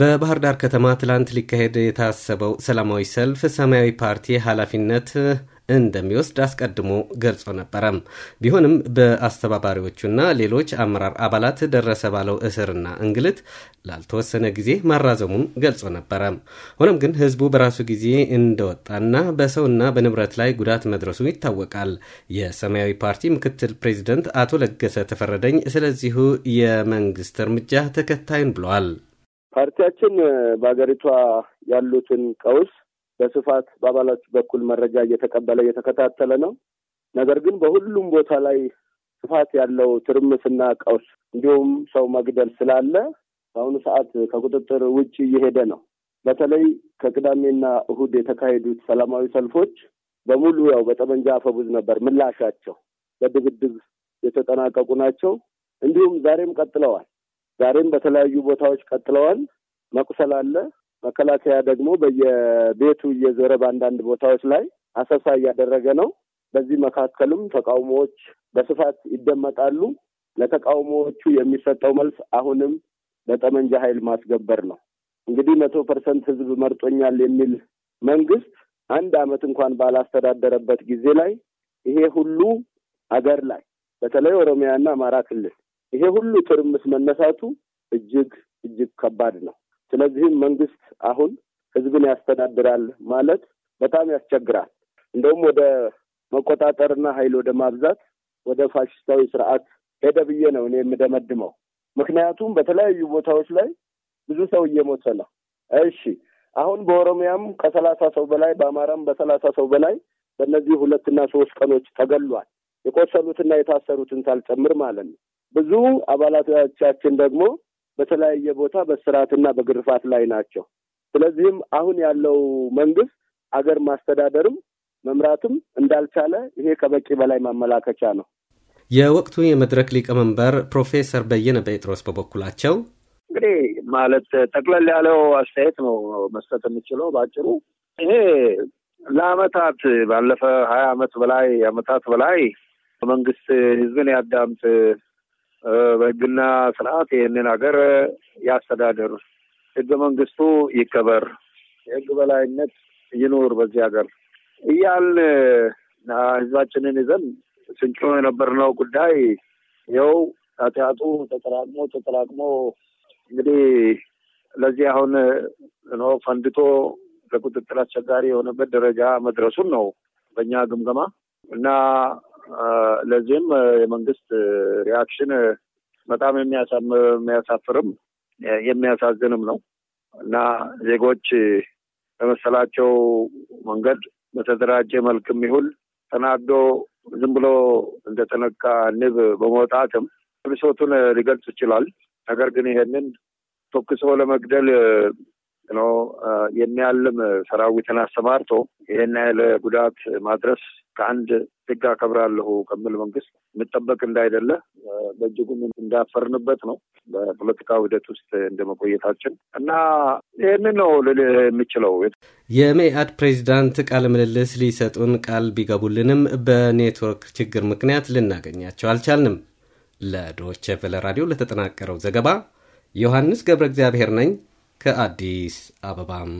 በባህር ዳር ከተማ ትላንት ሊካሄድ የታሰበው ሰላማዊ ሰልፍ ሰማያዊ ፓርቲ ኃላፊነት እንደሚወስድ አስቀድሞ ገልጾ ነበረም። ቢሆንም በአስተባባሪዎቹና ሌሎች አመራር አባላት ደረሰ ባለው እስርና እንግልት ላልተወሰነ ጊዜ ማራዘሙን ገልጾ ነበረ ሆኖም ግን ህዝቡ በራሱ ጊዜ እንደወጣና በሰውና በንብረት ላይ ጉዳት መድረሱ ይታወቃል። የሰማያዊ ፓርቲ ምክትል ፕሬዚደንት አቶ ለገሰ ተፈረደኝ ስለዚሁ የመንግስት እርምጃ ተከታዩን ብለዋል። ፓርቲያችን በሀገሪቷ ያሉትን ቀውስ በስፋት በአባላቱ በኩል መረጃ እየተቀበለ እየተከታተለ ነው። ነገር ግን በሁሉም ቦታ ላይ ስፋት ያለው ትርምስና ቀውስ እንዲሁም ሰው መግደል ስላለ በአሁኑ ሰዓት ከቁጥጥር ውጭ እየሄደ ነው። በተለይ ከቅዳሜና እሁድ የተካሄዱት ሰላማዊ ሰልፎች በሙሉ ያው በጠመንጃ አፈሙዝ ነበር ምላሻቸው፣ በድብድብ የተጠናቀቁ ናቸው። እንዲሁም ዛሬም ቀጥለዋል። ዛሬም በተለያዩ ቦታዎች ቀጥለዋል። መቁሰል አለ። መከላከያ ደግሞ በየቤቱ እየዞረ በአንዳንድ ቦታዎች ላይ አሰሳ እያደረገ ነው። በዚህ መካከልም ተቃውሞዎች በስፋት ይደመጣሉ። ለተቃውሞዎቹ የሚሰጠው መልስ አሁንም በጠመንጃ ኃይል ማስገበር ነው። እንግዲህ መቶ ፐርሰንት ህዝብ መርጦኛል የሚል መንግስት አንድ አመት እንኳን ባላስተዳደረበት ጊዜ ላይ ይሄ ሁሉ አገር ላይ በተለይ ኦሮሚያና አማራ ክልል ይሄ ሁሉ ትርምስ መነሳቱ እጅግ እጅግ ከባድ ነው። ስለዚህም መንግስት አሁን ህዝብን ያስተዳድራል ማለት በጣም ያስቸግራል። እንደውም ወደ መቆጣጠርና ኃይል ወደ ማብዛት ወደ ፋሽስታዊ ስርዓት ሄደ ብዬ ነው እኔ የምደመድመው። ምክንያቱም በተለያዩ ቦታዎች ላይ ብዙ ሰው እየሞተ ነው። እሺ አሁን በኦሮሚያም ከሰላሳ ሰው በላይ በአማራም በሰላሳ ሰው በላይ በእነዚህ ሁለትና ሶስት ቀኖች ተገሏል። የቆሰሉትና የታሰሩትን ሳልጨምር ማለት ነው። ብዙ አባላቶቻችን ደግሞ በተለያየ ቦታ በስርዓትና በግርፋት ላይ ናቸው። ስለዚህም አሁን ያለው መንግስት አገር ማስተዳደርም መምራትም እንዳልቻለ ይሄ ከበቂ በላይ ማመላከቻ ነው። የወቅቱ የመድረክ ሊቀመንበር ፕሮፌሰር በየነ ጴጥሮስ በበኩላቸው እንግዲህ ማለት ጠቅለል ያለው አስተያየት ነው መስጠት የምችለው በአጭሩ ይሄ ለአመታት ባለፈ ሀያ አመት በላይ አመታት በላይ መንግስት ህዝብን ያዳምጥ በህግና ስርዓት ይህንን ሀገር ያስተዳድር፣ ህገ መንግስቱ ይከበር፣ የህግ በላይነት ይኑር በዚህ ሀገር እያልን ህዝባችንን ይዘን ስንጮ የነበርነው ጉዳይ ይኸው ኃጢአቱ ተጠራቅሞ ተጠራቅሞ እንግዲህ ለዚህ አሁን ኖ ፈንድቶ ለቁጥጥር አስቸጋሪ የሆነበት ደረጃ መድረሱን ነው በእኛ ግምገማ እና ለዚህም የመንግስት ሪያክሽን በጣም የሚያሳፍርም የሚያሳዝንም ነው እና ዜጎች በመሰላቸው መንገድ በተደራጀ መልክም ይሁን ተናዶ ዝም ብሎ እንደተነካ ንብ በመውጣትም ብሶቱን ሊገልጽ ይችላል። ነገር ግን ይሄንን ቶክሶ ለመግደል የሚያልም ሰራዊትን አሰማርቶ ይህን ያህል ጉዳት ማድረስ ከአንድ ሕግ አከብራለሁ ከምል መንግስት የምጠበቅ እንዳይደለ በእጅጉም እንዳፈርንበት ነው። በፖለቲካ ሂደት ውስጥ እንደመቆየታችን እና ይህን ነው ልልህ የምችለው። የመኢአድ ፕሬዚዳንት ቃለ ምልልስ ሊሰጡን ቃል ቢገቡልንም በኔትወርክ ችግር ምክንያት ልናገኛቸው አልቻልንም። ለዶቼ ቬለ ራዲዮ ለተጠናቀረው ዘገባ ዮሐንስ ገብረ እግዚአብሔር ነኝ። ከአዲስ አበባም